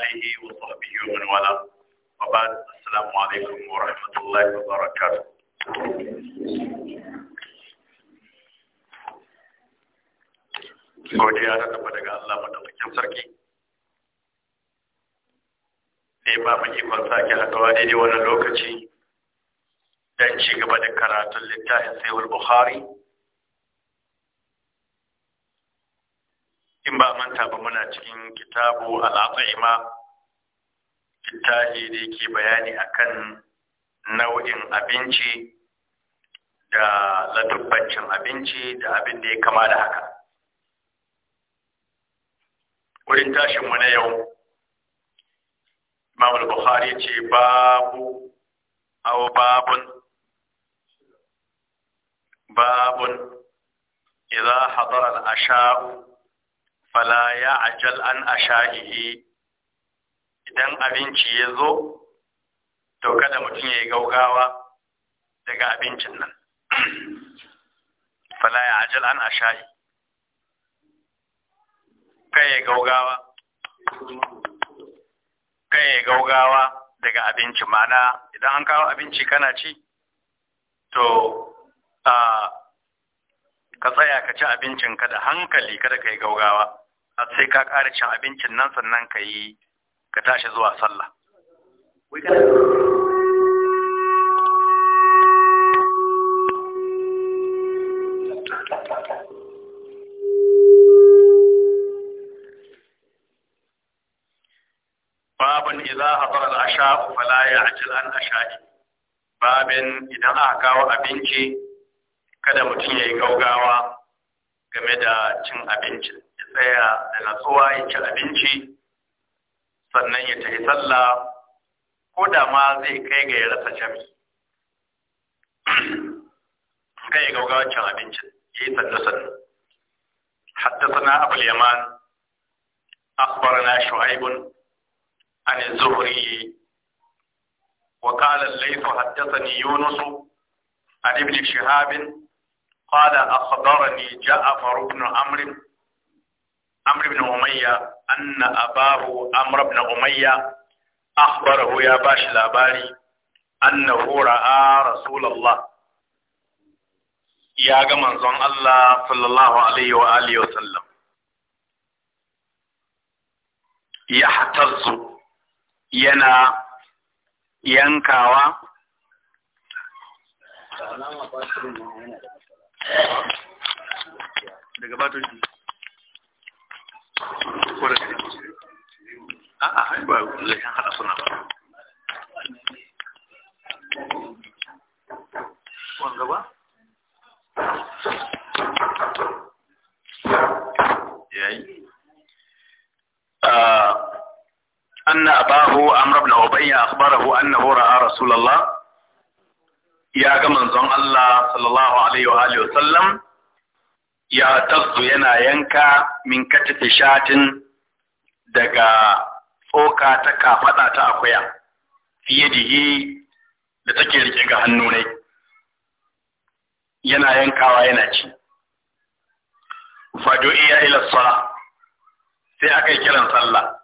آله وصحبه ومن والاه وبعد السلام عليكم ورحمة الله وبركاته godiya ta tafi daga Allah madaukakin sarki ne ba mu ikon sake haɗawa daidai wannan lokaci don ci gaba da karatun littafin sahihul bukhari manta ba muna cikin kitabu al'ata'ima littafi da yake bayani akan nau'in abinci da latubbancin abinci da abin da ya kama da haka wurin tashinmu na yau imam Buhari ce babu aw babun babun idza hadar al-asha'u fala ya ajal an asha'ihi idan abinci ya zo to kada mutum ya yi gaugawa daga abincin nan fala ya ajal an asha'i kai ya gaugawa kai ya gaugawa daga abinci mana idan an kawo abinci kana ci to a ah, ka tsaya ka ci abincinka da hankali kada ka yi gaugawa sai ka ƙara cin abincin nan sannan ka yi ka tashi zuwa sallah babin a hadara al-asha fala ya'jil an asha'i babin idan aka kawo abinci kada mutum yayi gaugawa game da cin abincin tsaya da natsuwa ya ci abinci sannan ya tafi sallah ko da ma zai kai ga ya rasa jami kai ya gaugawa cin abincin ya yi sannu sannu حدثنا أبو اليمان أخبرنا شعيب عن الزهري وقال الليث حدثني يونس عن ابن شهاب قال أخبرني جعفر بن عمرو عمرو بن أمية أن أباه عمرو بن أمية أخبره يا باش لاباري أنه رأى رسول الله يا منزون الله صلى الله عليه وآله وسلم يحتز ينا ينكاوا daga batun آه، أن أباه أمر بن أبي أخبره أنه رأى رسول الله يا من الله صلى الله عليه وآله وسلم ya tasu yana yanka min ta shatin daga tsoka ta kafaɗa ta akuya fiye da yi da take rike ga hannu ne yana yankawa yana ci fado iya ila sala sai aka yi kiran sallah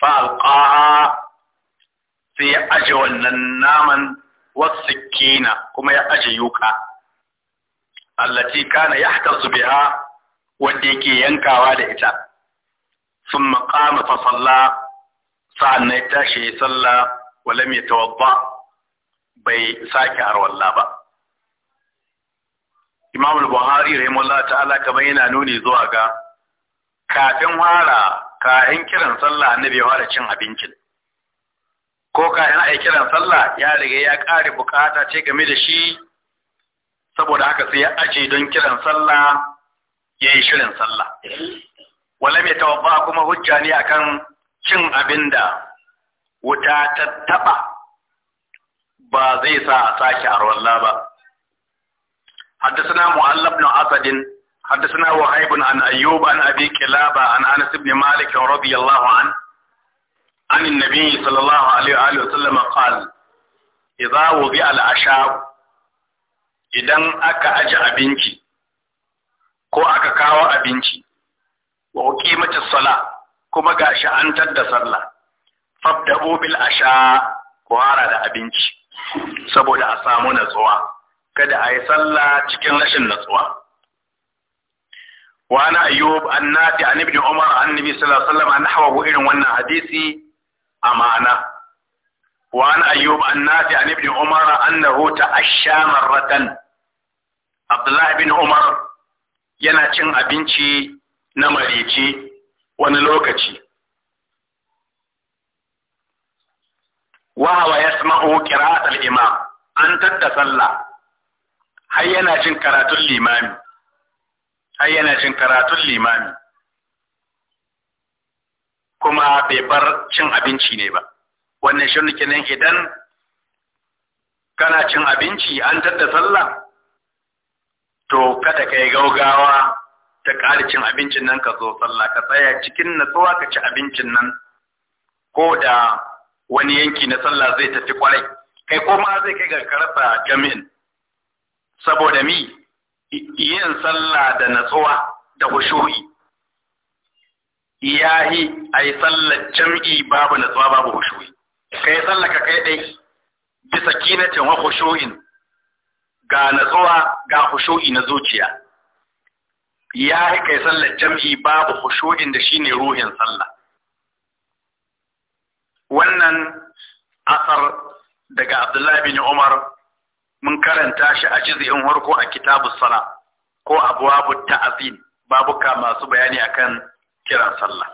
fa alqaha sai ya aje wannan naman wasu kina kuma ya aje yuka allati kana yahtazu biha wanda yake yankawa da ita sun qama fa salla sa'an na tashi ya salla wa lam yatawadda bai sake arwalla ba imam al-buhari rahimahullah ta'ala ka yana nuni zuwa ga kafin fara kayan kiran sallah annabi ya fara cin abincin ko kayan ai kiran sallah ya riga ya kare bukata ce game da shi saboda haka sai ya aje don kiran sallah ya yi shirin sallah wala mai tawabba kuma hujja ne akan cin abin da wuta ta taɓa ba zai sa a sake a ruwan ba حدثنا معل بن أسد حدثنا وهيب عن أيوب عن أبي كلابة عن أنس بن مالك رضي الله عنه عن النبي صلى alaihi wa sallam, وسلم قال إذا وضع العشاء idan aka aje abinci ko aka kawo abinci wa kimata sala kuma ga shi an tadda sallah fabda bil asha kwara da abinci saboda a samu natsuwa kada a yi sallah cikin rashin natsuwa wani ayyub an nafi an ibn umar an nabi sallallahu alaihi wasallam an hawa irin wannan hadisi amana wani ayyub an nafi an ibn umar annahu ta asha marratan Abdullahi bin Umar yana cin abinci na marici wani lokaci. Wahawa ya sama'u kira'atul imam an tadda sallah har yana cin karatun limami. Har yana cin karatun limami. Kuma bai bar cin abinci ne ba. Wannan shirin kenan idan kana cin abinci an tadda sallah to kada ka yi gaugawa ta ƙara cin abincin nan ka zo sallah ka tsaya cikin natsuwa ka ci abincin nan ko da wani yanki na sallah zai tafi kwarai kai ko ma zai kai ga karasa jami'in saboda mi yin sallah da natsuwa da ya yi, a yi sallar jam'i babu natsuwa babu hushuri kai sallah ka kai ɗai bisa kinatin wa hushu'in ga natsuwa ga hushu'i na zuciya ya kai sallar jam'i babu hushu'in da shine ruhin sallah wannan asar daga Abdullahi bin Umar mun karanta shi a jiz'in harko a kitabu sala ko abwabut ta'zin babuka masu bayani akan kiran sallah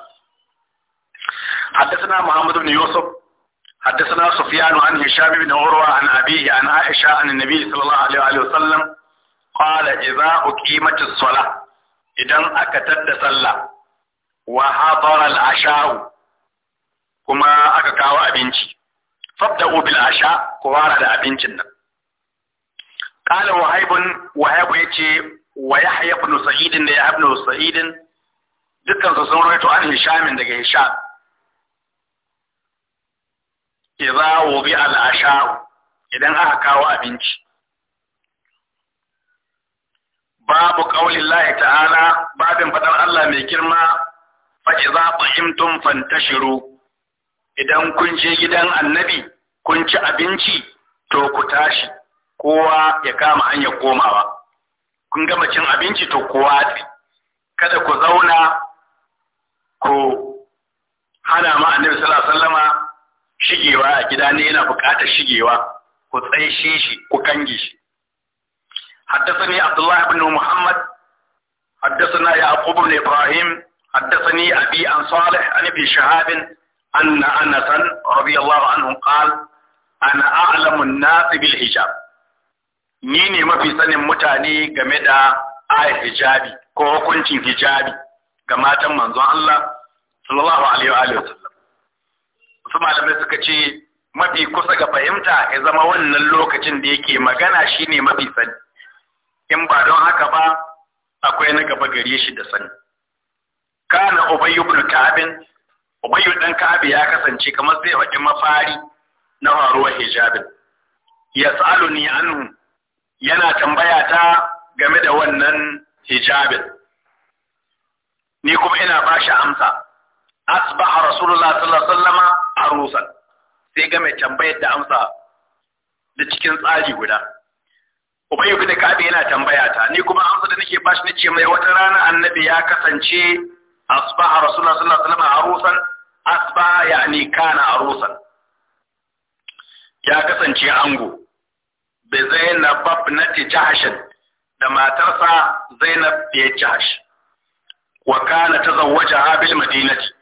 حدثنا محمد بن يوسف حدثنا سفيان عن هشام بن عروة عن أبيه عن عائشة عن النبي صلى الله عليه وسلم قال إذا أقيمت الصلاة إذا أكتت صلى وحضر العشاء كما أككاو أبنتي فابدأوا بالعشاء كوارا لأبنتنا قال وهيب وهيب يتي ويحيى بن سعيد يحيى بن سعيد دكان سنرويت عن هشام دقى هشام iza wubi al idan aka kawo abinci babu qaulin lahi ta'ala babin fadar Allah mai girma fa idza qimtum fantashiru idan kun je gidan annabi kun ci abinci to ku tashi kowa ya kama hanyar komawa kun gama cin abinci to kowa kada ku zauna ku hana ma annabi sallallahu alaihi wasallama shigewa a gida ne yana buƙatar shigewa ku tsaishe shi ku kange shi haddathani abdullahi ibn muhammad haddathana yaqub ibn ibrahim haddathani abi an salih an bi an anas radiyallahu anhu qala ana a'lamu an-nas bil hijab ni ne mafi sanin mutane game da ayi hijabi ko hukuncin hijabi ga matan manzon Allah Wasu malamai suka ce mafi kusa ga fahimta ya zama wannan lokacin da yake magana shine mafi sani in ba don haka ba akwai na gaba gare shi da sani kana ubayyu ibn ka'abin dan ka'ab ya kasance kamar zai wajen mafari na faruwar hijabin yas'aluni anhu yana tambaya ta game da wannan hijabin ni kuma ina ba shi amsa asbaha rasulullah sallallahu alaihi wasallama arusan sai ga mai tambayar da amsa da cikin tsari guda ubayu ibn Ka'ab yana tambaya ta ni kuma amsa da nake bashi nace mai wata rana annabi ya kasance asbaha rasulullah sallallahu alaihi wasallam arusan asbaha yani kana arusan ya kasance ango bi Zainab ibnati Jahsh da matarsa Zainab biyar Jahsh wa kana tazawwajaha bil madinati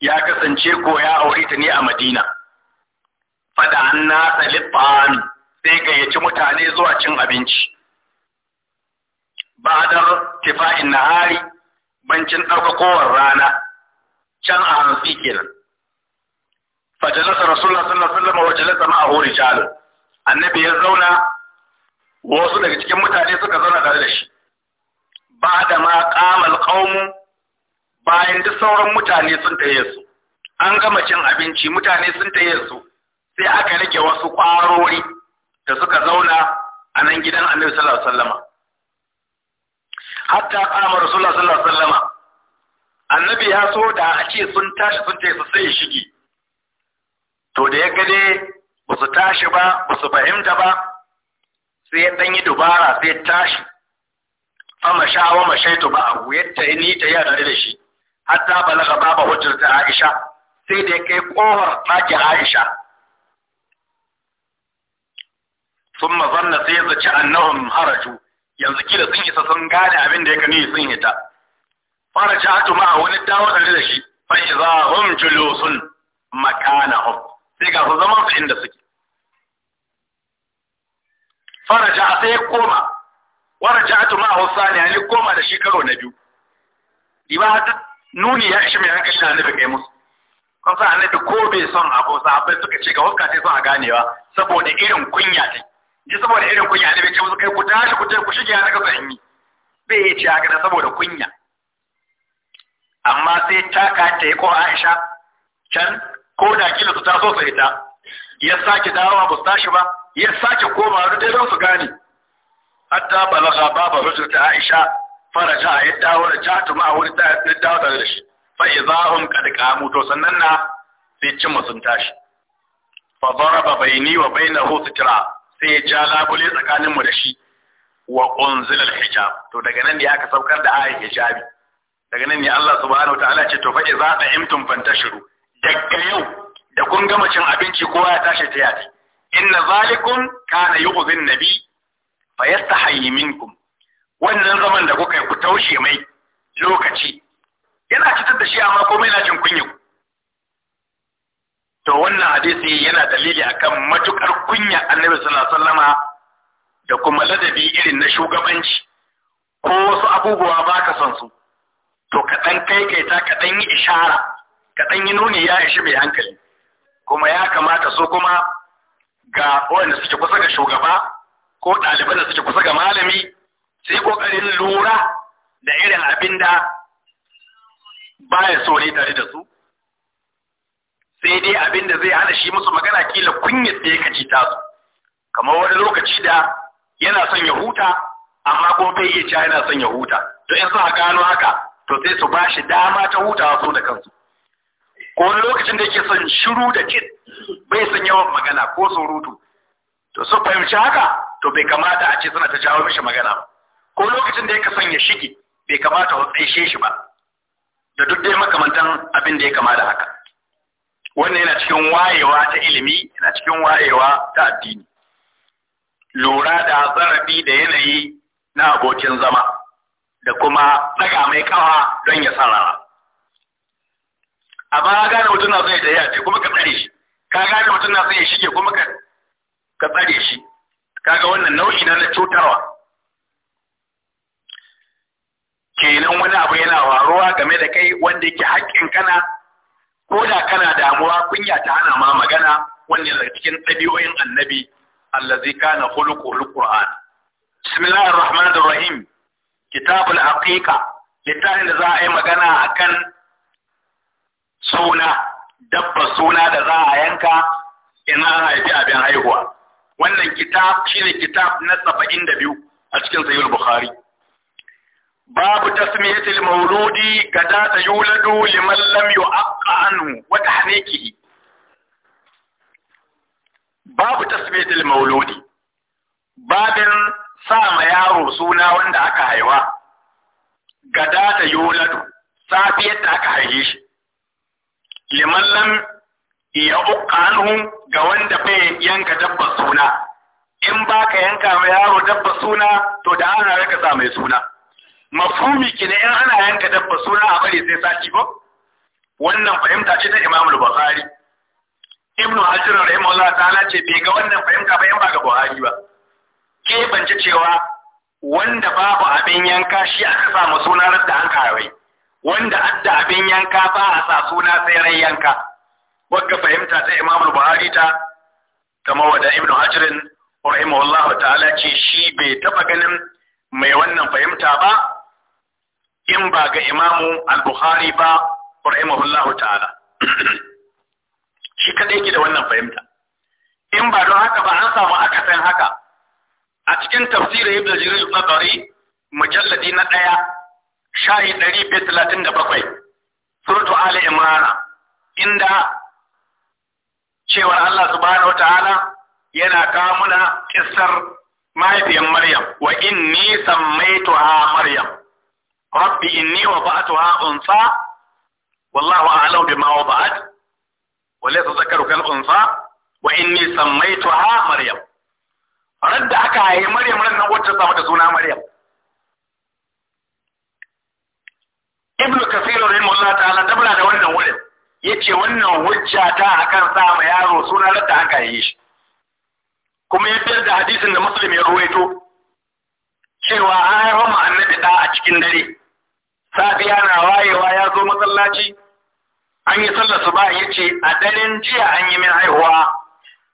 ya kasance ko ya aure ta ne a Madina fada anna salifan sai gayyaci mutane zuwa cin abinci ba'dar tifa'in nahari bancin ɗaukakowar rana can a hansi kenan fajalasa rasulullah sallallahu alaihi wasallam wa jalasa ma'ahu jalo. annabi ya zauna wasu daga cikin mutane suka zauna tare da shi ba da ma ƙamal ƙaumu bayan duk sauran mutane sun taye su an gama cin abinci mutane sun taye su sai aka rage wasu ƙwarori da suka zauna a nan gidan annabi sallallahu alaihi wasallam hatta qama rasulullah sallallahu alaihi wasallam annabi ya so da a ce sun tashi sun taye su sai shige to da ya gade ba su tashi ba ba su fahimta ba sai ya ɗanyi dubara sai ya tashi fama sha wa mashaitu ba abu yadda ni ta yi da shi hatta balaga baba hujjarta Aisha sai da ya kai kohar ɗakin Aisha sun zanna sai ya ci annahum haraju yanzu kila sun isa sun gane abin da ya kani sun hita fara ci hatu ma wani dawo da da shi fa iza hum julusun makanahum sai ga su zama su inda suke fara ci sai ya koma wara ci hatu ma husani ya koma da shi karo na biyu hatta nuni ya ishi mai hankali shi annabi kai musu kun san annabi ko bai son abu sahabbai suka ce ga huska sai son a ganewa saboda irin kunya ta ji saboda irin kunya annabi ce musu kai ku tashi ku ku shige na kasa in yi bai yi ce haka saboda kunya amma sai ka ta yi ko Aisha can ko da kila su so sai ta ya sake dawowa ba su tashi ba ya sake komawa duk dai don su gane hatta balaga baba rujul ta Aisha faraja ya dawo da jatu wuri da dawo da shi fa idahum kad qamu to sannan na sai cin sun tashi fa daraba baini wa bainahu sitra sai ya ja labule tsakanin mu da shi wa al-hijab to daga nan ne aka saukar da ayin hijabi daga nan ne Allah subhanahu wataala ce to fa idza ta'imtum fantashiru daga yau da kun gama cin abinci kowa ya tashi ta yati inna zalikum kana yu'zin nabi fayastahi minkum wannan zaman da kuka yi ku taushe mai lokaci yana cutar da shi amma komai na jin kunya to wannan hadisi yana dalili akan matukar kunya annabi sallallahu alaihi wasallama da kuma ladabi irin na shugabanci ko wasu abubuwa ba ka son su to kaɗan kai kai ta kaɗan yi ishara kaɗan yi nuni ya ishi mai hankali kuma ya kamata so kuma ga wanda suke kusa ga shugaba ko ɗaliban da suke kusa ga malami Sai kokarin lura da irin abin da ba ya so ne tare da su sai dai abin da zai hana shi musu magana kila kunyar da ya kaci tasu kamar wani lokaci da yana son ya huta amma ko bai iya cewa yana son ya huta to in suka gano haka to sai su bashi dama ta hutawa su da kansu ko wani lokacin da yake son shiru da kit bai son yawan magana ko surutu to su fahimci haka to bai kamata a ce suna ta jawo mishi magana ba ko lokacin da ya kasan ya shige bai kamata wa tsaishe shi ba da duk dai makamantan abin da ya kama da haka wannan yana cikin wayewa ta ilimi yana cikin wayewa ta addini lura da zarafi da yanayi na abokin zama da kuma ɗaga mai kawa don ya sarara amma gane mutum na zai a ce kuma ka tsare shi ka gane mutum na zai shige kuma ka tsare shi kaga wannan nau'i na na cutarwa kenan wani abu yana faruwa game da kai wanda yake haƙƙin kana ko da kana damuwa kunya ta hana ma magana wanda daga cikin ɗabi'o'in annabi allazi kana khuluqul qur'an bismillahir rahmanir rahim kitabul haqiqa littafin da za a yi magana akan suna dabba suna da za a yanka ina haifi abin haihuwa wannan kitab shine kitab na 72 a cikin sahih bukhari babu tasmiyatil mauludi kada ta yuladu liman lam yu'aqqa anhu wa tahnikihi babu tasmiyatil mauludi babin sa ma yaro suna wanda aka haiwa gada ta yuladu safiyar da aka haife shi liman lam ya uqanu ga wanda bai yanka dabba suna in baka yanka ma yaro dabba suna to da ana raka sa mai suna mafhumi ne in ana yanka dabba suna a bari sai sati ba? wannan fahimta ce ta Imam al-Bukhari Ibn Hajar rahimahullah ta'ala ce bai ga wannan fahimta ba yan ba ga Buhari ba ke banci cewa wanda babu abin yanka shi aka sa mu suna radda an wanda adda abin yanka ba a sa suna sai ran yanka wagga fahimta ta Imam al-Bukhari ta kamar wada Ibn Hajar rahimahullah ta'ala ce shi bai taba ganin mai wannan fahimta ba in ba ga imamu al-bukhari ba rahimahullahu ta'ala shi kadai ke da wannan fahimta in ba don haka ba an samu akasin haka a cikin tafsirin ibn jarir al-qadari mujalladi na daya shahi 137 suratu ali imran inda cewar Allah subhanahu ta'ala yana kawo muna kissar mahaifiyar Maryam wa inni sammaituha Maryam rabbi inni wa ba'atuha unsa wallahu a'lam bima wa ba'at wa laysa zakaru kal unsa wa inni sammaytuha maryam radda aka haihi maryam ran nan wacce ta mata suna maryam ibn kasir rahimahullah ta'ala dabra da wannan wurin yace wannan hujja ta akan sa ma yaro suna radda aka haihi shi kuma ya fitar da hadisin da muslim ya ruwaito cewa an haifar ma annabi da a cikin dare safiya na wayewa ya zo masallaci an yi sallar su ba ya ce a daren jiya an yi min haihuwa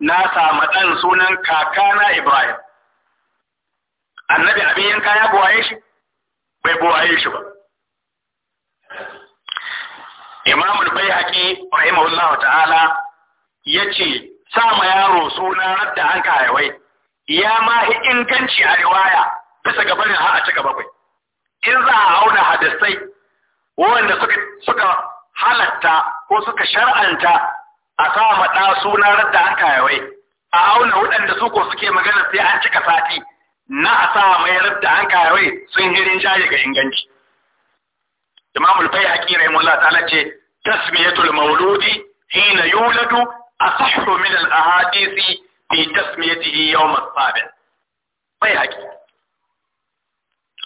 na samu ɗan sunan kakana Ibrahim. Annabi abin yanka ya buwaye shi? Bai buwaye shi ba. Imamul bai haƙi rahimahullahu ta'ala ya ce, sa ma yaro suna radda an kayawai, ya ma inganci a riwaya bisa gabanin ha a cika bakwai. in za a auna hadisai wanda suka halatta ko suka shar'anta a sa maɗa suna radda an kayawai a auna waɗanda su ko suke magana sai an cika sati na a sa mai radda an kayawai sun hirin jaye ga inganci imamul bai haƙi mullah ta'ala ce tasmiyatul mauludi hina yuladu asahhu min al-ahadisi fi tasmiyatihi yawm as-sabi bai haƙi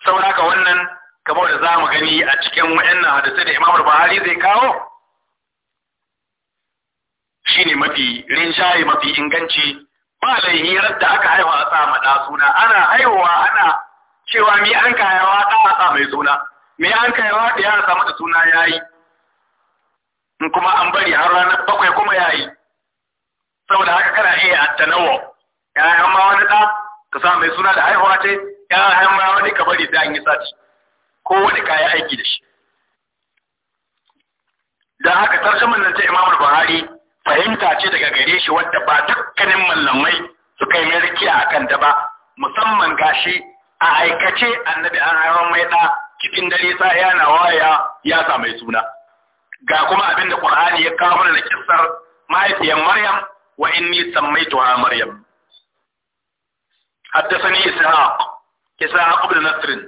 saboda haka wannan kamar da za mu gani a cikin wa'annan hadisi da al buhari zai kawo shine mafi rinjaye mafi inganci ba laihirar da aka haihuwa a sa ɗa suna ana haihuwa ana cewa mi an ka haihuwa a sa mai suna me an ka haihuwa da ya samu da suna ya yi in kuma an bari har ranar bakwai kuma ya yi saboda haka kana iya attanawa ya ma wani ɗa ka sa mai suna da haihuwa ce Ya ma wani ka bari sai an yi sati ko wani kayan aiki da shi da haka tarjaman nan ta Imam Buhari fahimta ce daga gare shi wadda ba dukkanin mallamai suka yi mai a kan ta ba musamman gashi a aikace annabi an haifar mai ɗa cikin dare sa yana waya ya sa mai suna ga kuma abin da ƙur'ani ya kawo mana da kissar mahaifiyar Maryam wa inni sammaituha Maryam Haddasa ni Isra'a. kisa qabla nasrin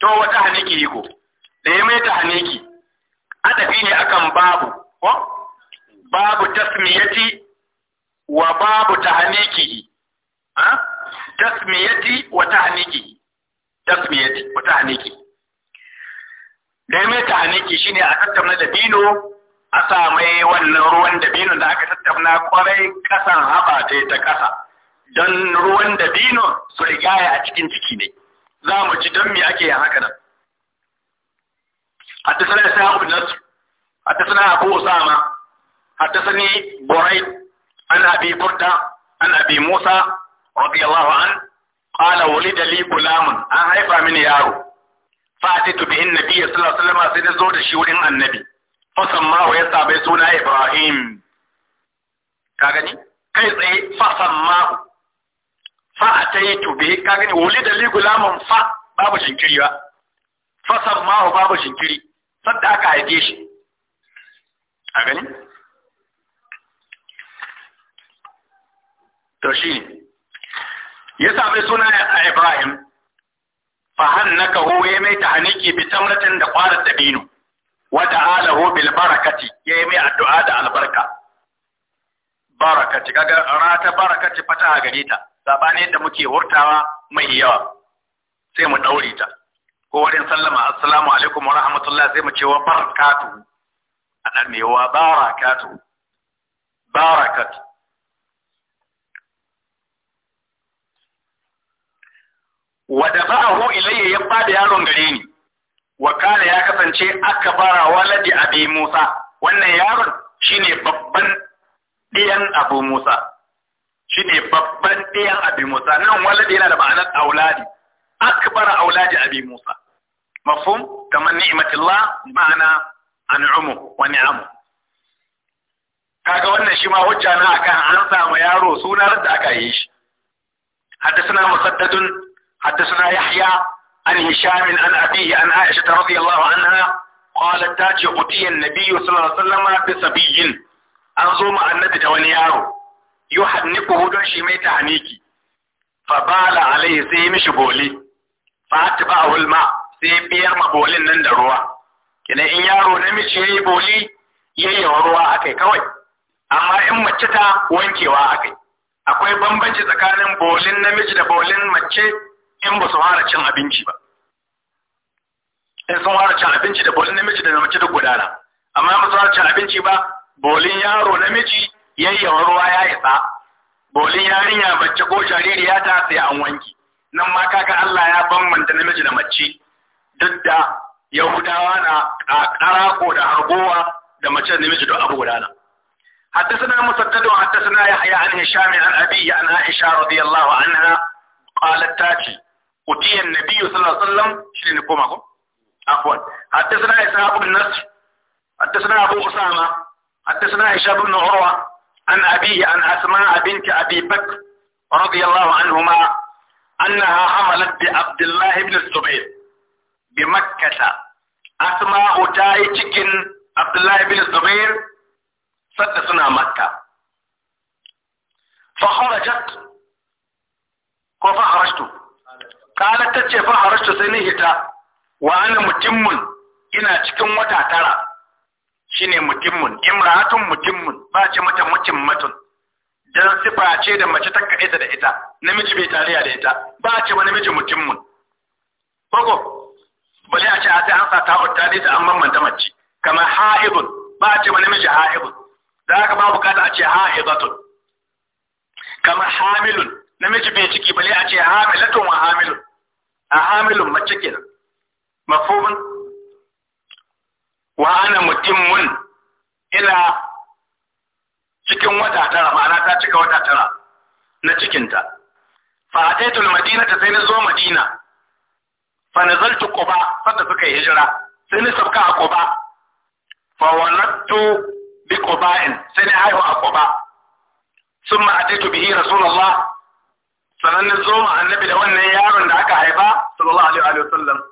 to wata haniki yiko da ya mai ta haniki adafi ne akan babu ko babu tasmiyati wa babu tahnikihi ha tasmiyati wa tahnikihi tasmiyati wa tahnikihi da ya mai haniki shine a tattauna da dino a sa mai wannan ruwan da binin da aka tattauna kwarai kasan haba ta ta ƙasa don ruwan da dino su rigaya a cikin ciki ne za mu ji don mi ake yin haka nan hatta sanar sai abu nasu hatta sanar abu usama hatta sani borai an abi kurta an abi musa radiyallahu an qala walida li gulamun an haifa mini yaro fati tu bihin nabi sallallahu alaihi wasallam sai zo da shi wurin annabi fa samma wa yasa bai suna ibrahim ka kai tsaye fa samma fa a ta yi tobe ka gani wuli da li gulamun fa babu shinkiri ba fa sammahu babu jinkiri sadda aka haife shi a gani to shi ya sami suna a Ibrahim fa ka hu ya mai ta haniki bi tamratin da kwarar dabino wa ta'ala hu bil barakati ya mai addu'a da albarka barakati kaga rata barakaci fata a gare ta sabanin yadda muke hurtawa mai yawa sai mu daure ta ko wurin sallama assalamu alaikum wa rahmatullah sai mu ce wa barakatu a dan ne wa barakatu barakat wa dafa'ahu ilayya ya bada yaron gare ni wa kana ya kasance akbara waladi abi musa wannan yaron shine babban ɗiyan abu Musa shine babban ɗiyan abu Musa nan waladi yana da ma'anar auladi akbar auladi abi Musa mafhum kamar ni'matillah ma'ana an'umu wa ni'amu kaga wannan shi ma hujja na akan an samu yaro sunar da aka yi shi حدثنا مسدد حدثنا يحيى عن هشام عن أبيه عن عائشة رضي الله عنها قالت تاج قتي النبي صلى الله عليه وسلم بصبي an zo ma annabi da wani yaro yuhanniku don shi mai tahniki fa bala alai sai mishi boli fa atba ulma sai biyar ma bolin nan da ruwa kina in yaro namiji yayi boli yayi ruwa akai kawai amma in mace ta wankewa akai akwai bambanci tsakanin bolin namiji da bolin mace in ba su fara cin abinci ba in sun fara cin abinci da bolin namiji da mace duk gudana amma ba su fara cin abinci ba bolin yaro namiji yayyawa ruwa ya isa bolin yarinya mace ko ya ta sai an wanki nan ma kaga Allah ya bambanta namiji da mace duk da yahudawa na ko da hargowa da mace da namiji duk abu gudana حدثنا مسدد حدثنا يحيى عن هشام عن أبي عن عائشة رضي الله عنها قالت تاتي أتي النبي صلى الله عليه وسلم شنو نقوم عفوا حدثنا إسحاق بن نصر حدثنا أبو أسامة حدثنا هشام بن عروة عن أبيه عن أسماء بنت أبي بكر رضي الله عنهما أنها حملت بعبد الله بن الزبير بمكة أسماء تاي تشكن عبد الله بن الزبير سدسنا مكة فخرجت وفخرجت قالت تتشي فخرجت سنهتا وأنا متم إنا تشكن وتعترى shine mutimmun imra'atun mutimmun ba ce mata mutum matun dan sifa ce da mace takka ita da ita namiji bai tariya da ita ba ce ma namiji mutimmun koko bale a ce a sai an sa ta otta da an manta mace kamar ha'ibun ba ce ma namiji ha'ibun da haka ba bukata a ce ha'ibatun kamar hamilun namiji bai ciki bale a ce hamilatun wa hamilun a hamilun mace kenan mafhumun wa ana mutimmun ila cikin wata tara ma'ana ta cika wata tara na cikinta fa ataitul madinata sai na zo madina fa nazaltu quba fadda suka yi hijira sai ni sabka a quba fa wanattu bi quba'in sai ni haihu a quba summa ataitu bihi rasulullah sanan na zo annabi da wannan yaron da aka haifa sallallahu alaihi wa sallam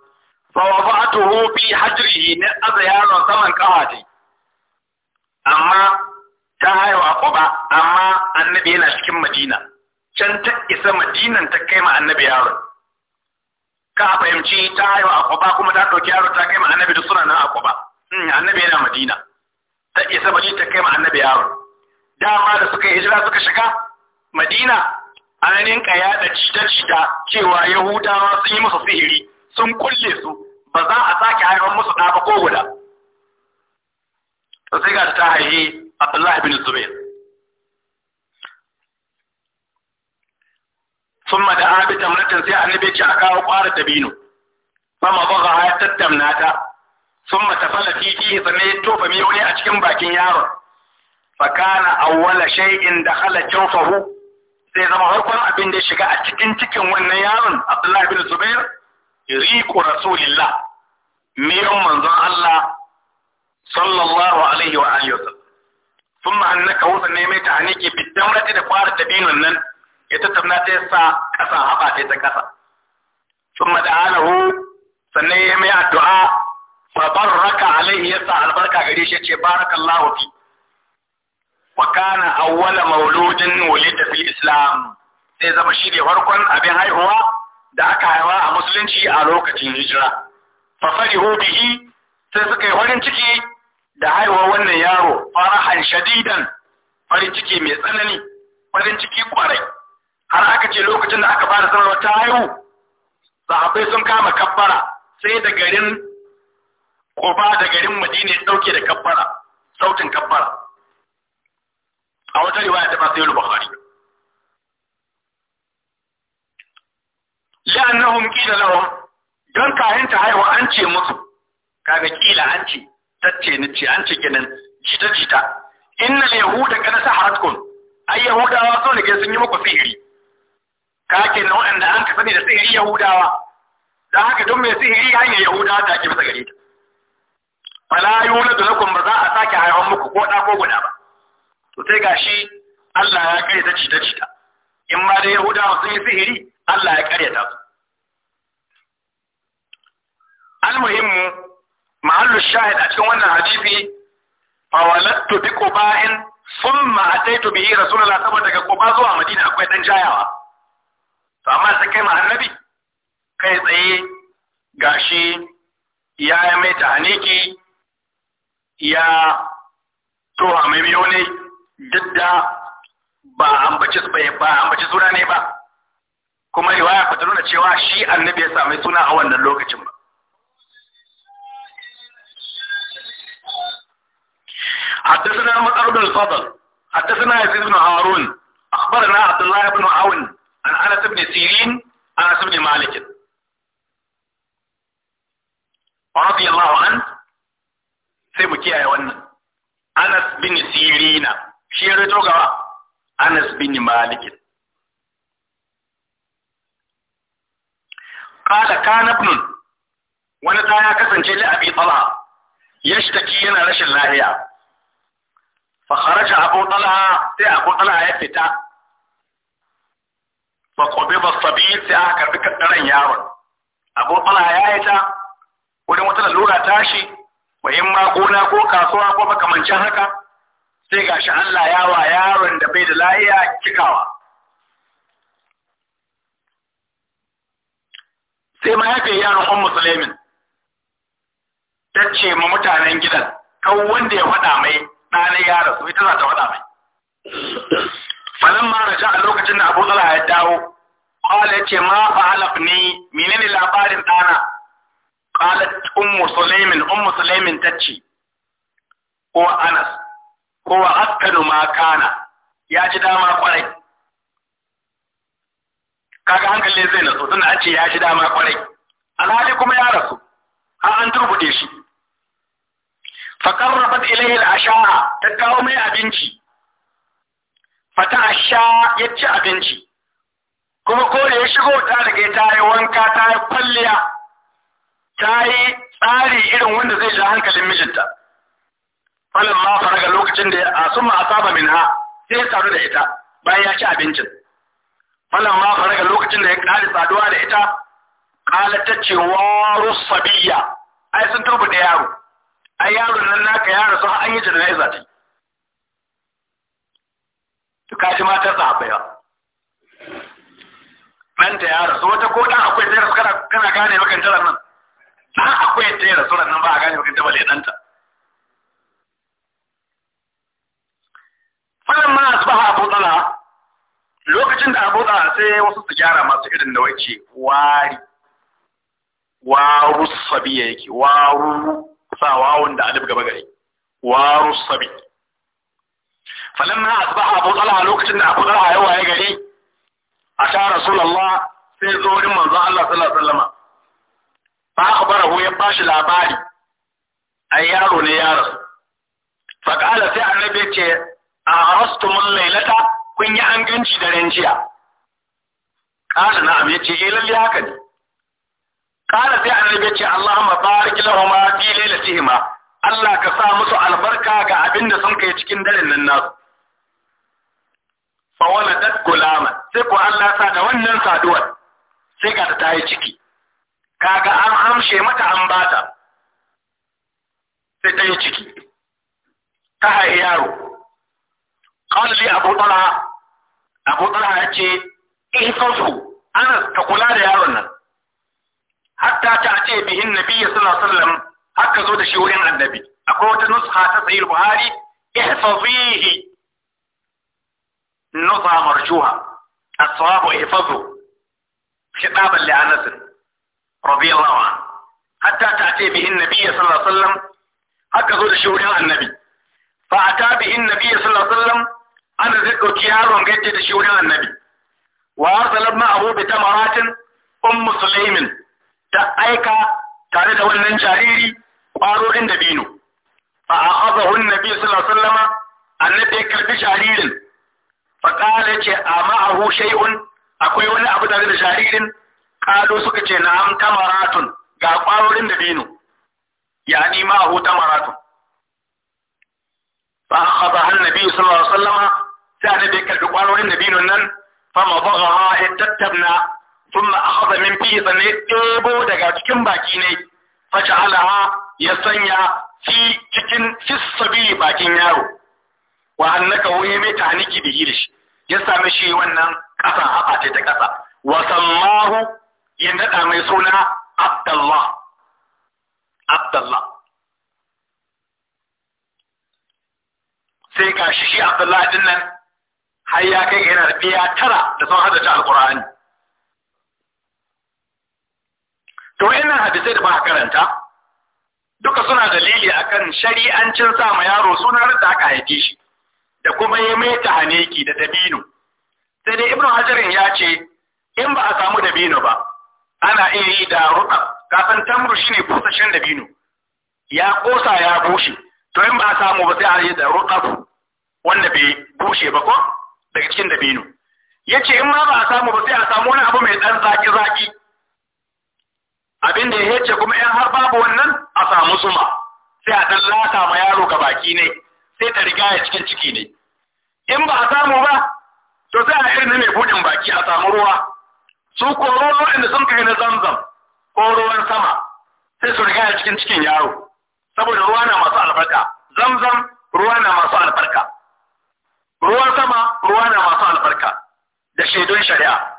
fawafa'atuhu bi hajrihi ne aza yaron saman kawaje amma ta haihu a ba amma annabi yana cikin madina can ta isa madinan ta kai ma annabi yaron ka fahimci ta haihu a ba kuma ta ɗauki yaron ta kai ma annabi da suna nan a kuba annabi yana madina ta isa madina ta kai ma annabi yaron dama da suka yi hijira suka shiga madina an rinka yaɗa cita-cita cewa yahudawa sun yi musu sihiri sun kulle su ba za a sake haifan musu ɗa ba ko guda sai ga ta haihi Abdullahi bin Zubair sun ma da abi tamnatin sai annabi ce a kawo ƙwarar dabino sama ba za ya tattamna ta sun ma tafala fifi sannan ya tofa miyo a cikin bakin yaron fakana awwala in da kyau jawfahu sai zama harkon abin da ya shiga a cikin cikin wannan yaron Abdullahi bin Zubair Riƙo rasulillah miyan manzon Allah sallallahu alaihi wa alihi wasallam thumma annaka wasa ne mai ta hanike bidamrati da fara dabinun nan ya tattauna ta sa kasa haba ta ta kasa thumma da'alahu sannan ya mai addu'a fa baraka alaihi sa albarka gare shi ce barakallahu fi wa kana awwala mauludin wulida fil islam sai zama shi ne farkon abin haihuwa da aka haiwa a musulunci a lokacin hijira fafari bihi sai suka yi farin ciki da haihuwa wannan yaro farahan shadidan farin ciki mai tsanani farin ciki kwarai har aka ce lokacin da aka fara sanarwa ta haihu sahabbai sun kama kabbara sai da garin kofa da garin madina ya dauke da kabbara sautin kabbara a wata riwaya ta fasayar bukhari la'annahum qila lahum don kayan ta haihu an ce musu kaga kila an ce tacce ni ce an ce ginin jita jita na yahuda kana saharatkum ai yahudawa so ne sun yi muku sihiri Ka ke nan wanda an ka sani da sihiri yahudawa dan haka don mai sihiri hanyar yahudawa ta ke masa gare ta fala yuladu lakum ba za a sake haihuwa muku ko da ko guda ba to sai gashi Allah ya kai ta cita cita in ma da yahudawa sun yi sihiri Allah ya karyata su almuhimmu mahallu shahid a cikin wannan hadisi fawalattu bi quba'in thumma ataitu bihi rasulullah saboda daga quba zuwa madina akwai dan jayawa to amma sai kai annabi kai tsaye gashi ya mai tahaniki ya toha mai biyo ne duk ba ambaci ba ambaci suna ne ba ta nuna cewa shi annabi ya sami suna a wannan lokacin ba حدثنا مطر بن الفضل حدثنا يزيد بن هارون أخبرنا عبد الله بن عون عن أنس بن سيرين أنس بن مالك رضي الله عنه سيبكي يا آية ون أنس بن سيرين شيرتوغا أنس بن مالك qala kana ibn wani ta ya kasance li abi talha yashtaki yana rashin lafiya fa kharaja abu talha sai abu talha ya fita fa qadiba sabi sai aka karbi kaddaran yaron abu talha ya yi ta wata lura tashi wa in ma gona ko kasuwa ko makamancin haka sai gashi Allah ya wa yaron da bai da lafiya kikawa sai mahaifiyar yaron ummu sulaimin ta ce ma mutanen gidan kawo wanda ya faɗa mai ɗanai ya rasu ita za ta faɗa mai Falon ma raja a lokacin da abu tsala ya dawo ƙwala ya ce ma halaf ne menene labarin ɗana ƙwala ummu sulaimin ummu sulaimin ta ce ko anas ko wa askanu ma kana ya ji dama kwarai kaga hankali zai naso tunda an ce ya shi dama kwarai alhali kuma ya rasu har an turbude shi rabat ilayhi al-ashara ta kawo mai abinci fata asha ya ci abinci kuma ko da ya shigo ta daga ta yi wanka ta yi kwalliya ta yi tsari irin wanda zai ja hankalin mijinta falon ma faraga lokacin da a suma asaba min ha sai ya taru da ita bayan ya ci abincin falan ma faraga lokacin da ya kare saduwa da ita ƙala ta ce waru sabiya ai sun da yaro ai yaron nan naka yaro sun an yi za ta to ka ji matar sahabbai ba ta ya rasu wata ko ɗan akwai ta suka kana gane jiran nan ɗan akwai ta suran nan ba a gane makantar tabale dan ta ma asbaha abu tsala lokacin da abu da sai wasu su gyara masu irin da wace wari waru sabi yake waru sa wawun da alif gaba gare waru sabi falamma asbaha abu talha lokacin da abu talha yawa ya gari a ta rasulullah sai zo wurin manzo Allah sallallahu alaihi wasallama fa akhbarahu ya bashi labari ai yaro ne yaro fa qala sai annabi ce a arastumul lailata kun yi an ganci daren jiya kala na'am ya eh lalle haka ne kala sai annabi yace Allahumma barik lahum fi lailatihima Allah ka sa musu albarka ga abin da sun kai cikin daren nan nasu fa waladat gulama sai ko Allah sa da wannan saduwar sai ga ta yi ciki kaga an amshe mata an bata sai ta yi ciki ta haihi yaro Kalli li abu talha abu talha ya ce in sausu ana ka kula da yaron nan hatta ta ce bihin nabiyyi sallallahu alaihi wasallam haka zo da shi wurin annabi akwai wata nusha ta sahih buhari ihfazihi nusha marjuha as-sawabu ihfazu khitaban li anas radiyallahu anhu hatta ta ce bihin nabiyyi sallallahu alaihi wasallam haka zo da shi wurin annabi fa ata bihin nabiyyi sallallahu alaihi wasallam ana zai ɗauki yaron gaje da shi wurin annabi wa arsalat ma abu bi tamaratin ummu sulaimin ta aika tare da wannan jariri kwarorin dabino fa akhadahu annabi sallallahu alaihi wasallam annabi ya karbi jaririn fa qala ce ama'ahu shay'un akwai wani abu tare da jaririn kado suka ce na'am tamaratun ga kwarorin dabino yani ma'ahu tamaratun fa akhadahu annabi sallallahu alaihi wasallam سهل بك الفقوان والنبي نن فمضغها اتتبنا ثم أخذ من فيه ظنيت ايبو دقا تكن باكيني فجعلها يسنيا في تكن في الصبي باكين يارو وأنك ويمي تعنيكي بهيرش يسامي شيء ونن كسا حقاتي تكسا وسماه يندقى ميسونا عبد الله عبد الله سيكا شيء عبد الله دنن har ya kai yana da ɗaya tara da sun ta alkur'ani to wayannan hadisai da ba karanta duka suna dalili akan shari'ancin sa ma yaro suna da aka haife shi da kuma ya mai ta haneki da dabino sai dai ibnu hajarin ya ce in ba a samu dabino ba ana iya yi da ruka kafin tamru shine busashen dabino ya kosa ya bushe to in ba a samu ba sai a yi da ruka wanda bai bushe ba ko daga cikin dabino yace in ma ba a samu ba sai a samu wani abu mai dan zaki zaki abin ya yace kuma in har babu wannan a samu suma sai a dan lata ma yaro ga baki ne sai ta riga ya cikin ciki ne in ba a samu ba to sai a irin mai budin baki a samu ruwa su ko ruwa inda sun kai na zamzam ko ruwan sama sai su riga cikin cikin yaro saboda ruwa na masu albarka zamzam ruwa na masu albarka ruwan sama ruwa na masu albarka da shaidun shari'a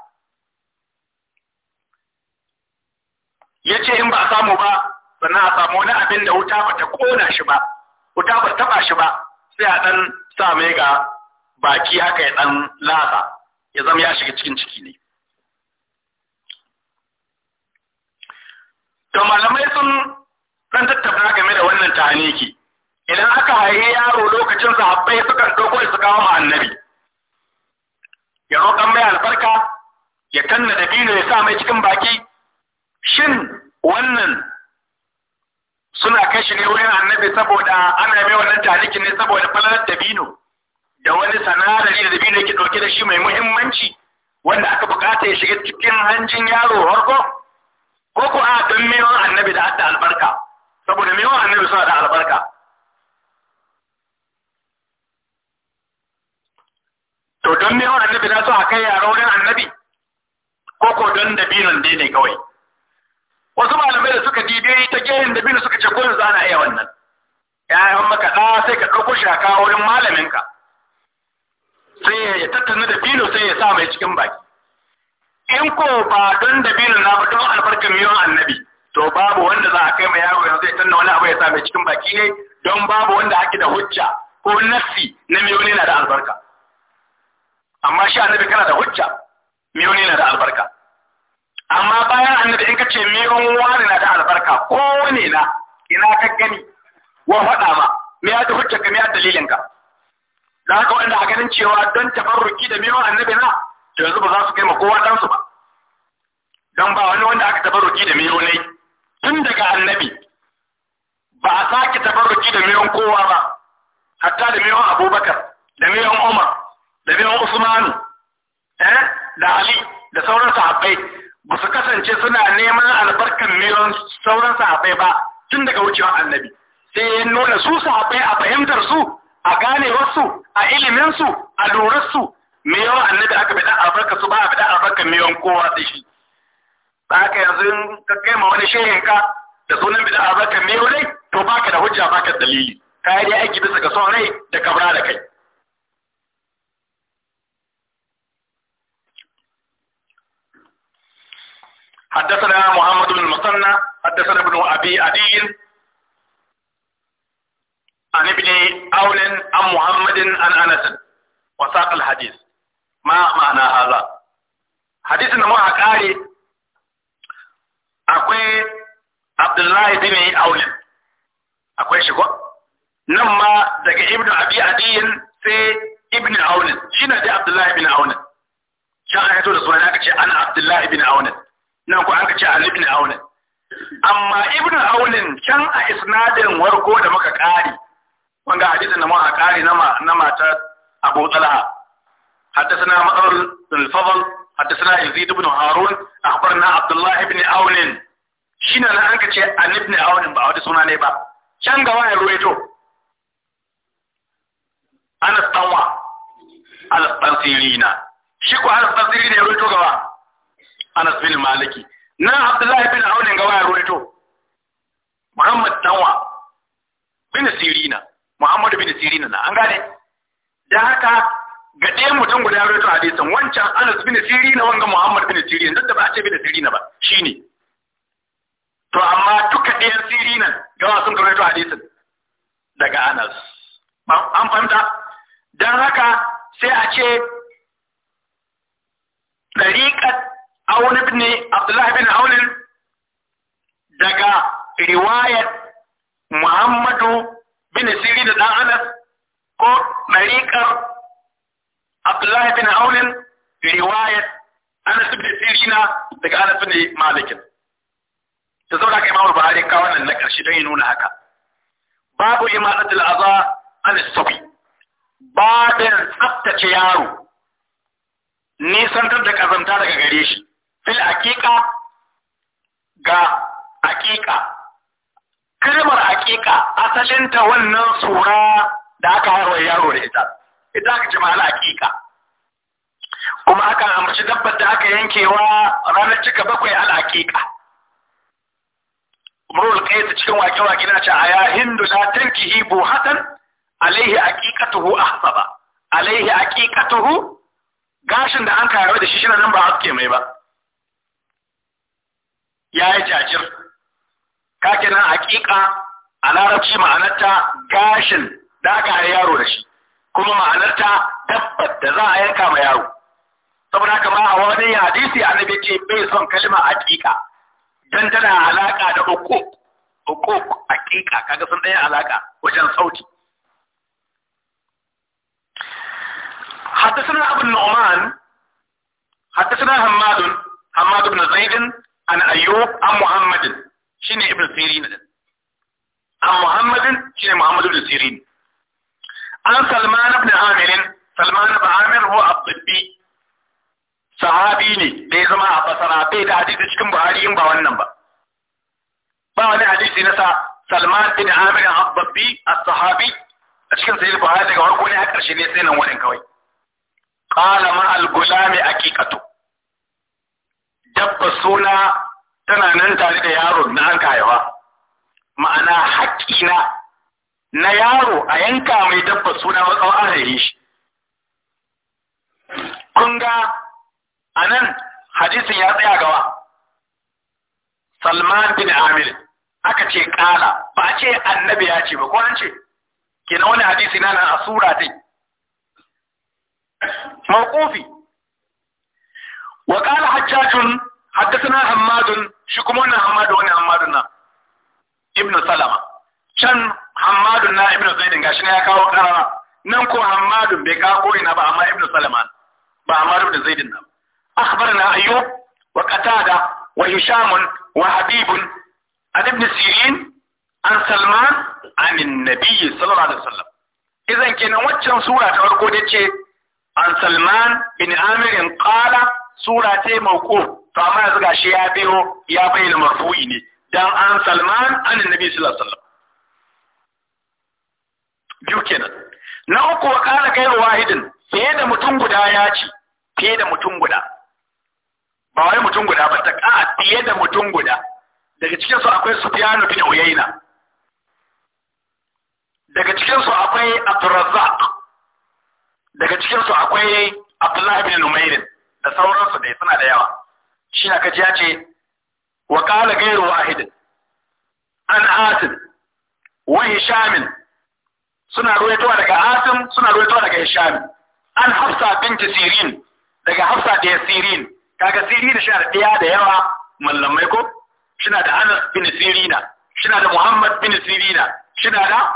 ya ce in ba a samu ba sannan a samu wani abin da wuta ba ta kona shi ba wuta ba taba shi ba sai a ɗan sa mai ga baki haka ya ɗan lasa ya zama ya shiga cikin ciki ne to malamai sun ɗan tattauna game da wannan tahaniki idan aka haihi yaro lokacin sahabbai sukan ɗauko su kawo annabi ya roƙan mai albarka ya kanna da dino ya sa mai cikin baki shin wannan suna kai shi ne wurin annabi saboda ana mai wannan tarikin ne saboda falalar dabino da wani sanadari da dabino yake ɗauke da shi mai muhimmanci wanda aka buƙata ya shiga cikin hanjin yaro harko ko ko a don mewan annabi da hatta albarka saboda mewan annabi suna da albarka to don mewa annabi na so a kai yaro wurin annabi ko ko don dabinan dai ne kawai wasu malamai da suka dibe ta gerin dabino suka ce ko yanzu ana iya wannan yayan maka da sai ka ɗauko shaka wurin malaminka sai ya tattauna dabino sai ya sa mai cikin baki in ko ba don dabino na ba don albarkan miyon annabi to babu wanda za a kai mai yaro yanzu ya tanna wani abu ya sa mai cikin baki ne don babu wanda ake da hujja ko nafsi na miyoni na da albarka amma shi annabi kana da hujja miyoni na da albarka amma bayan annabi in ka ce miyon wani na da albarka ko ne na ina ka gani wa faɗa ma me ya da hujja ka me ya dalilin ka da haka wanda a ganin cewa don tabarruki da miyon annabi na to yanzu ba za su kai ma kowa dan su ba don ba wani wanda aka tabarruki da ne tun daga annabi ba a sake tabarruki da miyon kowa ba hatta da miyon abubakar da miyon umar da miyon da Ali da sauran sahabbai ba su kasance suna neman albarkan neman sauran sahabbai ba tun daga wucewar annabi sai ya nuna su sahabbai a fahimtar su a ganewarsu a iliminsu a su me yawa annabi aka bi da albarka su ba a bi da albarkan neman kowa da shi ba ka yanzu ka kai ma wani shehin ka da sunan bi da albarkan neman to baka da hujja baka dalili ka yi aiki bisa ga son rai da kabra da kai حدثنا محمد بن المثنى حدثنا ابن أبي عدي عن ابن أول عن محمد عن أنس وساق الحديث ما معنى هذا حديث ما حكاري اكو عبد الله بن أول أقوي شكو نما دك ابن أبي عدي سي ابن أول شنو دي عبد الله بن أول شاء الله يقول انا عبد الله بن أول nan ko aka ce an ibn Aulin amma ibn Aulin can a isnadin warko da muka kare wanga hadisin nan muka kare na na mata Abu Talha حدثنا مأر الفضل حدثنا يزيد بن هارون أخبرنا عبد الله بن عون شين أنا أنك ba. عن ابن عون بعد سنة نبا كان قوان رويتو أنا الطوى على التنصيرين شكو على التنصيرين يرويتو قوان Anas bin Maliki na Abdullahi bin Aulin ga waya ruwaito Muhammad Tanwa bin Sirina Muhammad bin Sirina na an gane da haka ga ɗaya mutum guda ruwaito hadisin wancan Anas bin Sirina wanga Muhammad bin Sirina duk da ba a ce bin Sirina ba shine to amma duka ɗayan ga wasu sun ruwaito hadisin daga Anas an fahimta dan haka sai a ce ɗariƙar aun ibn abdullah ibn aun daga riwayat muhammadu bin sirri da dan anas ko dariqar abdullah ibn aun riwayat anas ibn sirrina daga anas ibn malik ta zaura ka imamu buhari ka wannan na karshe don yi nuna haka babu imadatul aza an sabi babin tsaftace yaro nisantar da kazanta daga gare shi fil aƙiƙa ga aƙiƙa kalmar aƙiƙa asalinta wannan sura da aka harwa yaro da ita ita aka ji ma'ana aƙiƙa kuma aka ambaci dabbar da aka yankewa ranar cika bakwai al'aƙiƙa murul ta cikin wake-wake na ce a ya hindu na hibu hatan alaihi aƙiƙatuhu ahsaba alaihi aƙiƙatuhu gashin da an kayar da shi shi nan ba haske mai ba ya yi jajir kakinan hakika a larabci ma'anarta gashin da aka yaro da shi kuma ma'anarta tabbat da za a yanka ma yaro saboda haka ma a wani hadisi annabi ce bai son kalma hakika dan tana alaka da uku uku hakika kaga sun ɗaya alaka wajen sauti حدثنا أبو النعمان حدثنا حماد حماد بن زيد an ayyub an muhammadin shine ibn sirin din an muhammadin shine muhammad ibn sirin an salman ibn amir salman ibn amir huwa at-tibbi sahabi ne da ya zama a fasara bai da hadisi cikin buhari in ba wannan ba ba wani hadisi na sa salman bin amir al-babbi as-sahabi a cikin sahih buhari daga farko ne a ƙarshe ne sai nan wurin kawai qala ma al-gulami aqiqatu dabba suna tana nan tare da yaro na an kayawa ma'ana haƙƙina na yaro a yanka mai dabba suna matsawar arahi shi kun ga a nan hadisin ya tsaya gawa salman bin amir aka ce ƙala ba ce annabi ya ce ba ko an ce kenan wani hadisi na nan a sura dai mawqufi wa qala hajjajun حدثنا حماد شو كمان حماد وانا حمادنا ابن سلمة كان حمادنا ابن زيد غاشنا يا كاو قرا nan ko Hammadu bai ka ko ina ba amma Ibn Salama ba amma Ibn Zaid nan akhbarana Ayyub wa Qatada wa Hisham wa Habib an Ibn Sirin an Salman an Nabi sallallahu alaihi wasallam idan kenan waccan sura ta farko da ce an Salman bin qala sura to amma yanzu gashi ya biyo ya bayyana marfu'i ne dan an Salman an Nabi sallallahu alaihi wasallam biyu kenan na uku wa kana kai wahidin fiye da mutum guda ya ci fiye da mutum guda ba wai mutum guda ba ta ka fiye da mutum guda daga cikin su akwai Sufyan bin Uyayna daga cikin su akwai Abdurrazzaq daga cikin su akwai Abdullah bin Numayr da sauransu dai suna da yawa شنا كجاتي وقال غير واحد آتم عاتم وهشام سنا رويتوا لك عاتم سنا رويتوا لك هشام عن حفصة بنت سيرين لك حفصة دي سيرين كاك سيرين شنا رديا دي يوا من لما يكو شنا دا أنس بن سيرين شنا دا محمد بن سيرين شنا دا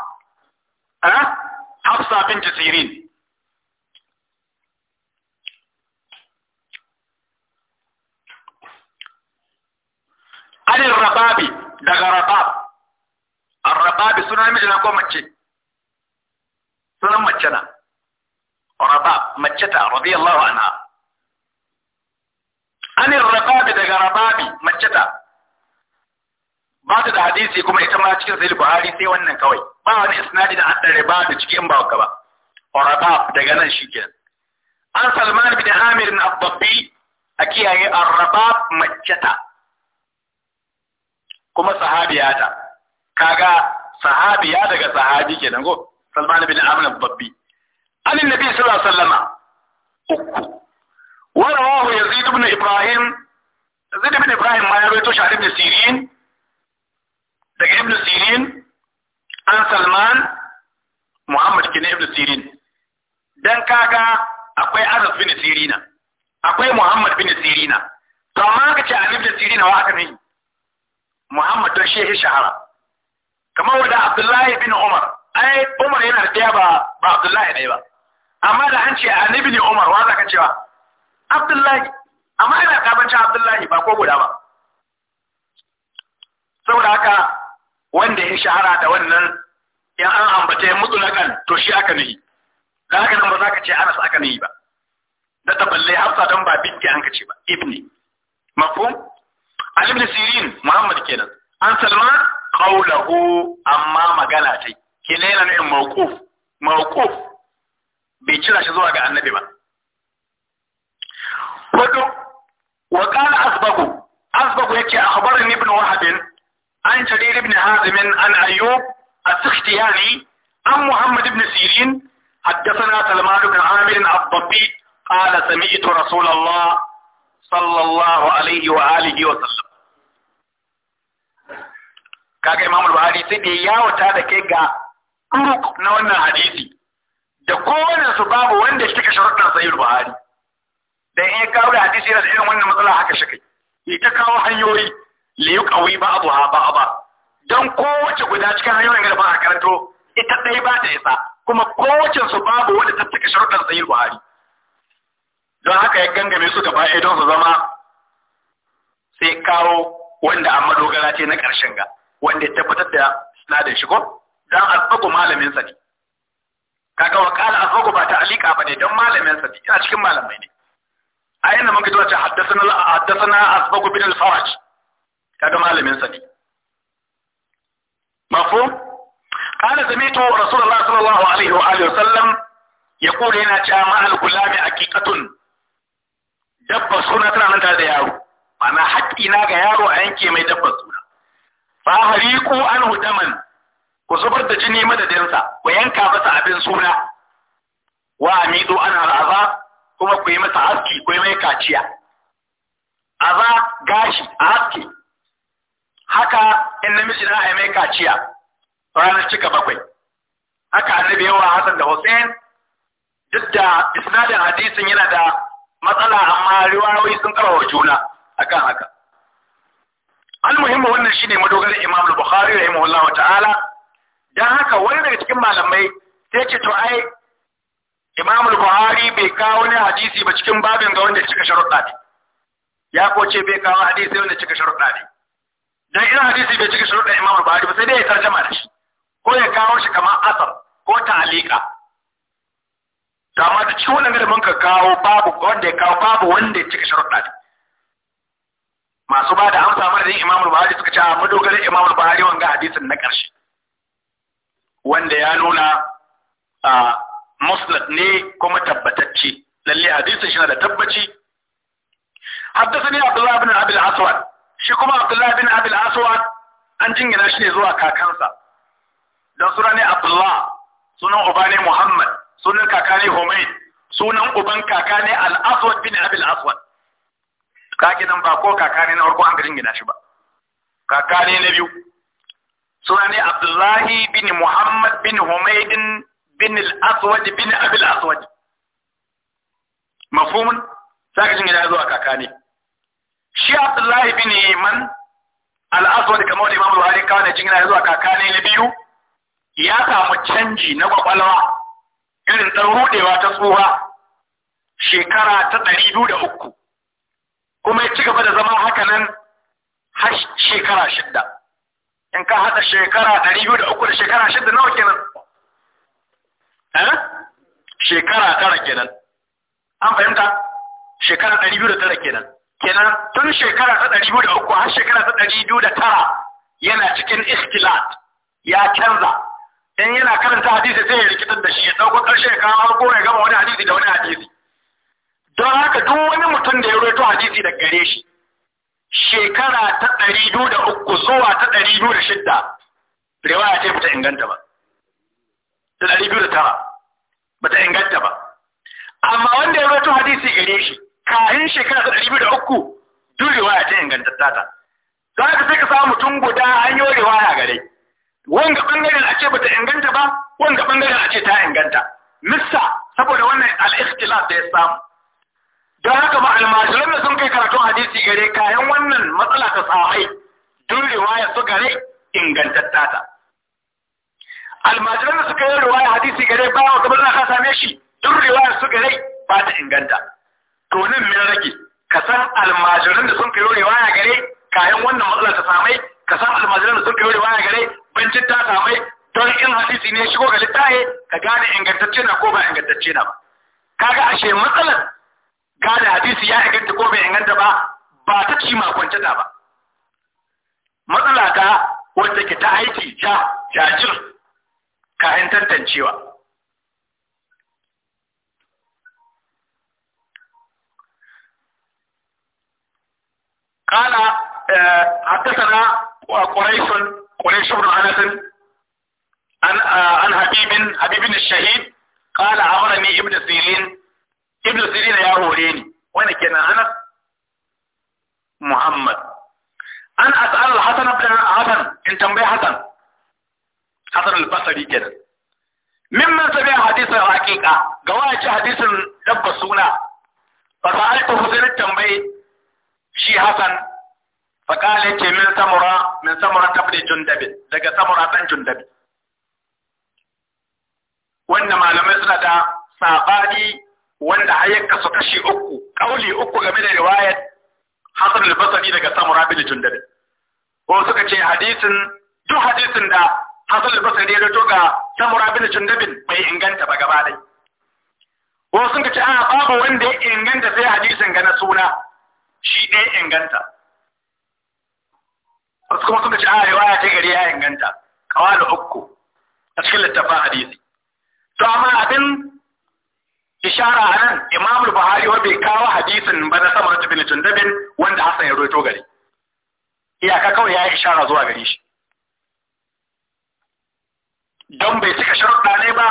أه؟ حفصة بنت سيرين anil rababi daga rabab arrababi suna namiji na ko mace sunan mace na rabab mace ta radiyallahu anha anil rababi daga rababi mace ta ba ta da hadisi kuma ita ma cikin sahih buhari sai wannan kawai ba wani isnadi da an da rababi cikin ba ka ba rabab daga nan shikenan an salman bin amir bin abdabbi a kiyaye arrabab mace ta kuma sahabiya ta kaga sahabiya daga sahabi kenan go Salman bin Amr babbi an annabi sallallahu alaihi wasallam uku wa rawahu Yazid ibn Ibrahim Yazid ibn Ibrahim ma ya rawaito shi ibn Sirin daga ibn Sirin an Salman Muhammad kin ibn Sirin dan kaga akwai Anas bin Sirina akwai Muhammad bin Sirina to amma kace an ibn Sirina wa aka nahi Muhammad don shi shahara kamar wanda Abdullahi bin Umar ai Umar yana da ba ba Abdullahi ne ba amma da an ce an ibn Umar wa zaka cewa Abdullahi amma ina kabanta Abdullahi ba ko guda ba saboda haka wanda ya shahara da wannan in an ambata ya mutulakan to shi aka nihi da haka nan ba za ka ce Anas aka nihi ba da taballe hafsa don ba bidda an ka ce ba ibni mafhum عن ابن سيرين محمد كيلان عن سلمان قوله أما مغالاتي كيلان نعم عن موقوف موقوف بيتشلا شزوها عن النبي ما وقال أسبقه أسبقه يكي أخبرني ابن واحد عن جرير ابن هازم عن أيوب السختياني عن محمد ابن سيرين حدثنا سلمان بن عامر الضبي قال سمعت رسول الله صلى الله عليه وآله وسلم kaga imamul buhari sai da yawata da kai ga duk na wannan hadisi da kowane su babu wanda shi ka sharuɗan sayyid buhari dan in kawo da hadisi yana da irin wannan matsala haka shi kai ta kawo hanyoyi li yuqawi ba ba. dan kowace guda cikin hanyoyin da ba a karanto ita dai ba ta isa kuma kowace su babu wanda ta cika sharuɗan sayyid buhari don haka ya gangame su gaba ɗaya don su zama sai kawo wanda amma dogara ce na ƙarshen ga wanda ya tabbatar da sinadin shi ko dan asbagu malamin sa ne kaga wa qala asbagu ba alika bane dan malamin sa ne cikin malamai ne a yana muka ji ta haddathana haddathana asbagu bin al-faraj kaga malamin sa ne mafhum قال سمعت رسول الله صلى الله عليه وآله ina cha ma al-gulami حقيقة dabba suna tana nan tare da yaro ana haƙƙi na ga yaro a yanke mai dabba suna fa hariku anhu daman ku zubar da jini madadinsa ku yanka masa abin suna wa amidu an al'aza kuma ku yi masa aski ku yi mai kaciya aza gashi a aski haka in namiji na mai kaciya ranar cika bakwai haka annabi yawa Hassan da Hussein duk da isnadin hadisin yana da matsala amma riwayoyi sun karawa juna akan haka almuhimmu wannan shine madogarin Imam al-Bukhari rahimahullahu ta'ala dan haka wani daga cikin malamai sai ce to ai Imam al-Bukhari bai kawo ne hadisi ba cikin babin ga wanda cika sharuɗa ne ya ko ce bai kawo hadisi wanda cika sharuɗa ne dan irin hadisi bai cika sharuɗa Imam al-Bukhari ba sai dai ya tarjama da shi ko ya kawo shi kamar asar ko ta'alika amma da cikin wannan da mun ka kawo babu wanda ya kawo babu wanda ya cika sharuɗa ne masu ba da amsa madadin imamul buhari suka ce a madogarin imamul buhari wanga hadisin na ƙarshe wanda ya nuna a musnad ne kuma tabbatacce lalle hadisin shi na da tabbaci haddathani abdullah ibn abi al-aswad shi kuma abdullah ibn abi al-aswad an jingina shi ne zuwa kakansa dan suna ne abdullah sunan uba ne muhammad sunan kaka ne humayd sunan uban kaka ne al-aswad bin abi al-aswad kaki nan ba ko kaka ne na farko an garin gina shi ba Kaka ne na biyu suna ne abdullahi bin muhammad bin humaydin bin al-aswad bin abil aswad mafhumun sai jin gina zuwa ne shi abdullahi bin yaman al-aswad kamar imam buhari kana jin gina zuwa kaka ne na biyu ya samu canji na kwakwalwa irin ɗan rudewa ta tsuwa shekara ta ɗari da uku kuma ya ci gaba da zama hakanan har shekara shidda in ka haɗa shekara ɗari biyu da uku da shekara shidda nawa kenan eh? shekara tara kenan an fahimta shekara ɗari biyu da tara kenan kenan tun shekara ta ɗari biyu da uku har shekara ta ɗari biyu da tara yana cikin istilat ya canza in yana karanta hadisi sai ya rikitar da shi ya ɗauko ƙarshe ya kawo harko ya gama wani hadisi da wani hadisi don haka duk wani mutum da ya roto hadisi da gare shi shekara ta ɗari biyu da uku zuwa ta ɗari biyu da shidda riwaya ce bata inganta ba ta ɗari biyu da tara bata inganta ba amma wanda ya roto hadisi gare shi kayan shekara ta ɗari biyu da uku duk riwaya ce inganta ta Don haka sai ka samu mutum guda hanyoyin yi riwaya gare wanga ɓangaren a ce bata inganta ba wanga ɓangaren a ce ta inganta missa saboda wannan al-ikhtilaf da ya samu don haka ba almajiran da sun kai karatun hadisi gare kayan wannan matsala ta sahai duk riwaya su gare ingantatta ta almajiran da suka yi riwaya hadisi gare ba wa kamar ka same shi duk riwaya su gare ba ta inganta to nan min rage ka san almajiran da sun kai riwaya gare kayan wannan matsala ta samai ka san almajiran da sun kai riwaya gare ban ta samai don in hadisi ne shigo ga littaye ka gane ingantacce na ko ba ingantacce na ba kaga ashe matsalar kada hadisi ya inganta ko bai inganta ba ba ta ci makwanta ta ba matsala ta wanda ke ta aiki ja jajir ka tantancewa kala a tattara a ƙwararshen ƙwararshen ranatun an habibin habibin shahid kala a wurin ibn sirin ibn sirina ya hore ni wanda kenan anas muhammad an as'al al-hasan ibn hasan in tambayi hasan hasan al-basri kenan mimman sabi hadisin haqiqa ga wani ci hadisin dabba suna fa sa'altu husain tambayi shi hasan fa qala ke min samura min samura tabni daga samura wanda malamai suna da sabani wanda har ya kasu kashi uku kauli uku game da riwayar Hasan al-Basri daga Samura bin Jundab ko suka ce hadisin duk hadisin da Hasan al-Basri ya rato ga Samura bin Jundab bai inganta ba gaba dai ko sun ce a babu wanda ya inganta sai hadisin ga na suna shi ɗaya inganta wasu kuma suka ce a riwaya ta gari ya inganta kawalu uku a cikin littafin hadisi to amma abin ishara a nan imam buhari wa bai kawo hadisin ba na samar ta bin dabin wanda Hassan ya roto gari iyaka kawai ya yi ishara zuwa gare shi don bai cika sharuɗa ne ba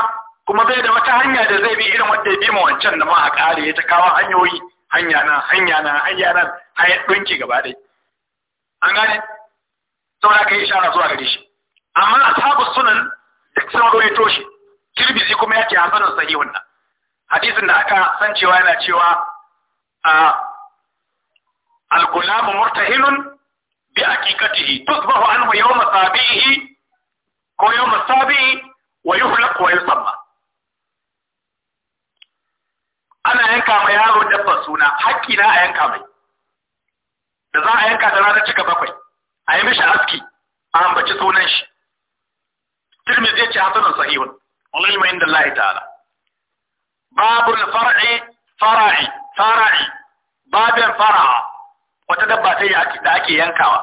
kuma bai da wata hanya da zai bi irin wanda ya bi ma wancan da ma a ƙare ya ta kawo hanyoyi hanya na hanya na hanya na hayar ɗunki gaba ɗaya an gane saboda ka yi ishara zuwa gare shi amma ashabu sunan duk sun roito shi kirbisi kuma ya ce hasanun sahihun nan hadisin da aka san cewa yana cewa a al-gulamu murtahinun bi aqiqatihi tusbahu anhu yawma sabihi ko yawma sabihi wa yuhlaq wa yusamma ana yanka mai yaro dabba suna hakki na a yanka mai da za a yanka da ranar cika bakwai a yi mishi aski a ambaci sunan shi tirmidhi ya ce hasanun sahihun wallahi ma inda Allah ta'ala باب الفرع فرعي فرعي باب الفرع wata dabba ce da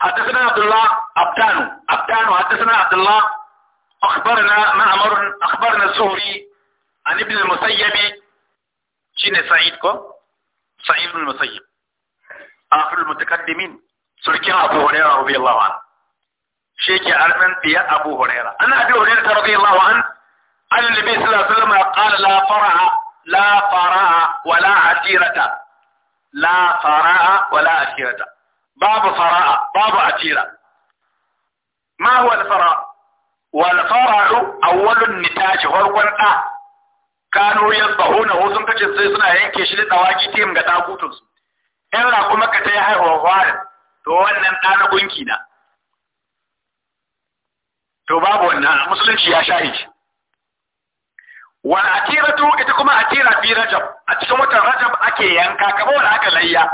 حدثنا عبد الله أبتانو أبتانو حدثنا عبد الله أخبرنا معمر أخبرنا الزهري عن ابن المسيب شين سعيد كو سعيد بن المسيب آخر المتقدمين سلكي أبو هريرة رضي الله عنه شيخ أرمن في أبو هريرة أنا أبي هريرة رضي الله عنه an nabi sallallahu alaihi wasallam qala la fara'a, la faraha wala asirata la faraha wala asirata babu fara'a, babu asira ma huwa al-fara wal fara'u awwalun nitaji farkon da kano yadbahuna hu sun kace sai suna yanke shi da dawaki tim ga dakutun su in kuma ka ta haihuwa farin to wannan ɗana gunki na to babu wannan musulunci ya shahi wa atiratu ita kuma atira fi rajab a cikin watan rajab ake yanka kamar wanda aka layya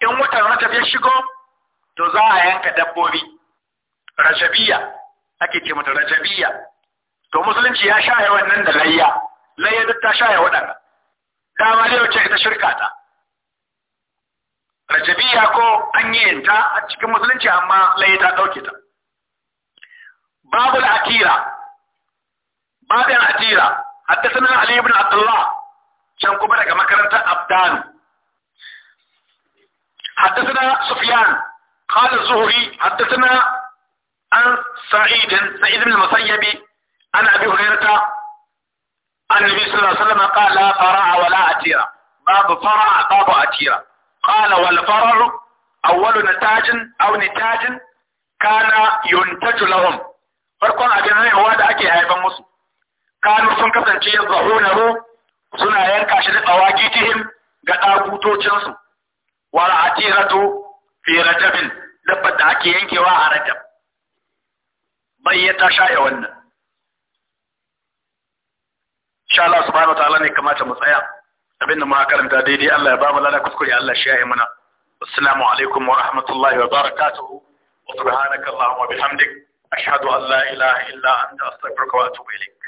in watan rajab ya shigo to za a yanka dabbobi rajabiya ake ce mata rajabiya to musulunci ya shaye wannan da layya layya duk ta shaye waɗannan dama ne wacce ita shirka ta rajabiya ko an yi yinta a cikin musulunci amma layya ta ɗauke ta babul atira babin atira حدثنا علي بن عبد الله كان كما كانت ابدان حدثنا سفيان قال الزهري حدثنا عن سعيد سعيد بن المسيب عن ابي هريره عن النبي صلى الله عليه وسلم قال لا فرع ولا اتيرا باب فرع باب اتيرا قال والفرع اول نتاج او نتاج كان ينتج لهم ابي هريره هو da اكي haifan مسلم kanu sun kasance yazbahunahu suna yanka shi da tsawakitihim ga ɗagutocinsu wal atiratu fi rajabin dabbar da ake yankewa a rajab bayyata shaya wannan insha Allah subhanahu wataala ne kamata mu tsaya abin da muka karanta daidai Allah ya ba mu lada kuskure Allah shi ya mana assalamu alaikum wa rahmatullahi wa barakatuhu wa subhanaka allahumma bihamdik ashhadu an la ilaha illa anta astaghfiruka wa atubu ilaik